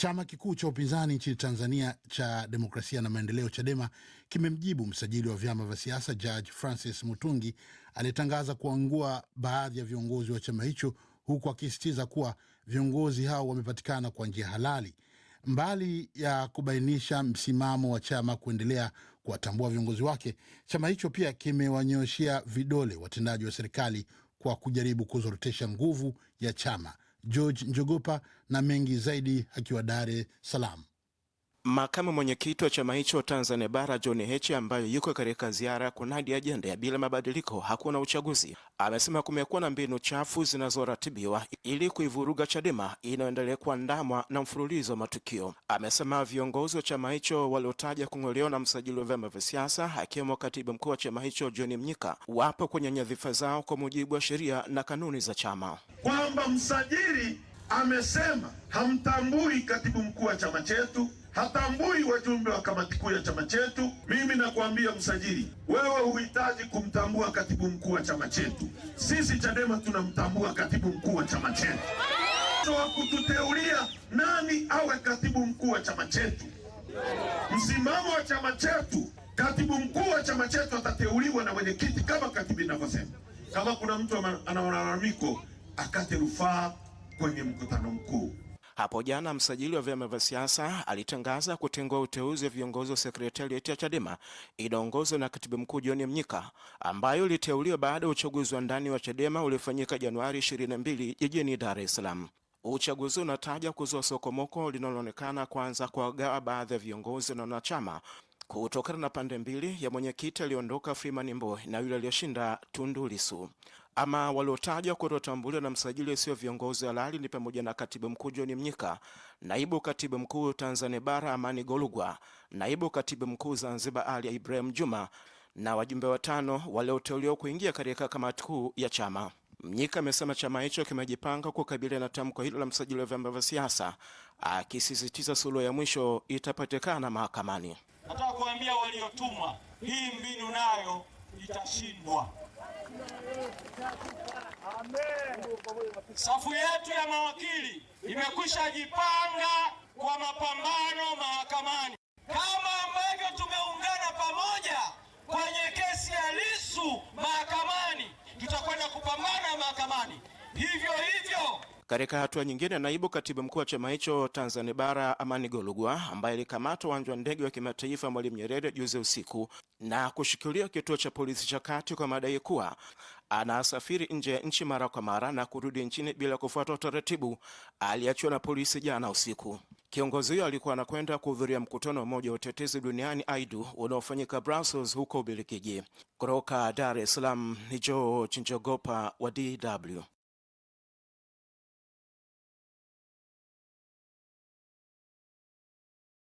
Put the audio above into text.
Chama kikuu cha upinzani nchini Tanzania cha Demokrasia na Maendeleo, CHADEMA, kimemjibu msajili wa vyama vya siasa Jaji Francis Mutungi aliyetangaza kuangua baadhi ya viongozi wa chama hicho, huku akisisitiza kuwa viongozi hao wamepatikana kwa njia halali. Mbali ya kubainisha msimamo wa chama kuendelea kuwatambua viongozi wake, chama hicho pia kimewanyoshea vidole watendaji wa serikali kwa kujaribu kuzorotesha nguvu ya chama. George Njogopa na mengi zaidi akiwa Dar es Salaam. Makamu mwenyekiti wa chama hicho Tanzania Bara, John Heche, ambaye yuko katika ziara ya kunadi ajenda ya bila mabadiliko hakuna uchaguzi, amesema kumekuwa na mbinu chafu zinazoratibiwa ili kuivuruga Chadema inayoendelea kuandamwa na mfululizo wa matukio. Amesema viongozi wa chama hicho waliotaja kung'olewa na msajili wa vyama vya siasa, akiwemo katibu mkuu wa chama hicho John Mnyika, wapo kwenye nyadhifa zao kwa mujibu wa sheria na kanuni za chama, kwamba msajili amesema hamtambui katibu mkuu wa chama chetu hatambui wajumbe wa kamati kuu ya chama chetu. Mimi nakwambia msajili, wewe huhitaji kumtambua katibu mkuu wa chama chetu. Sisi Chadema tunamtambua katibu mkuu wa chama chetu wa kututeulia nani awe katibu mkuu wa chama chetu. Msimamo wa chama chetu, katibu mkuu wa chama chetu atateuliwa na mwenyekiti kama katibu inavyosema. Kama kuna mtu ana malalamiko akate rufaa kwenye mkutano mkuu. Hapo jana msajili wa vyama vya siasa alitangaza kutengua uteuzi wa viongozi wa sekretarieti ya Chadema inaongozwa na katibu mkuu John Mnyika, ambayo iliteuliwa baada ya uchaguzi wa ndani wa Chadema uliofanyika Januari 22 jijini Dar es Salaam. Uchaguzi unataja kuzua sokomoko linaloonekana kwanza kuwagawa baadhi ya viongozi na wanachama kutokana na pande mbili ya mwenyekiti aliondoka Freeman Mbowe na yule aliyoshinda Tundu Lissu. Ama waliotajwa kutotambuliwa na msajili sio viongozi halali ni pamoja na katibu mkuu John Mnyika, naibu katibu mkuu Tanzania Bara Amani Golugwa, naibu katibu mkuu Zanzibar Ali Ibrahim Juma na wajumbe watano walioteuliwa kuingia katika kamati kuu ya chama. Mnyika amesema chama hicho kimejipanga kukabiliana na tamko hilo la msajili wa vyama vya siasa, akisisitiza suluhu ya mwisho itapatikana mahakamani. Nataka kuambia waliotumwa, hii mbinu nayo itashindwa. Safu yetu ya mawakili imekwisha jipanga kwa mapambano mahakamani, kama ambavyo tumeungana pamoja kwenye kesi ya Lissu mahakamani, tutakwenda kupambana mahakamani hivyo katika hatua nyingine, naibu katibu mkuu wa chama hicho Tanzania Bara Amani Golugwa, ambaye alikamatwa uwanja wa ndege wa kimataifa Mwalimu Nyerere juzi usiku na kushikiliwa kituo cha polisi cha kati kwa madai kuwa anasafiri nje ya nchi mara kwa mara na kurudi nchini bila kufuata utaratibu, aliachiwa na polisi jana usiku. Kiongozi huyo alikuwa anakwenda kuhudhuria mkutano wa Umoja wa Utetezi Duniani AIDU unaofanyika Brussels huko Ubilikiji. Kutoka Dar es Salaam ni George Njogopa wa DW.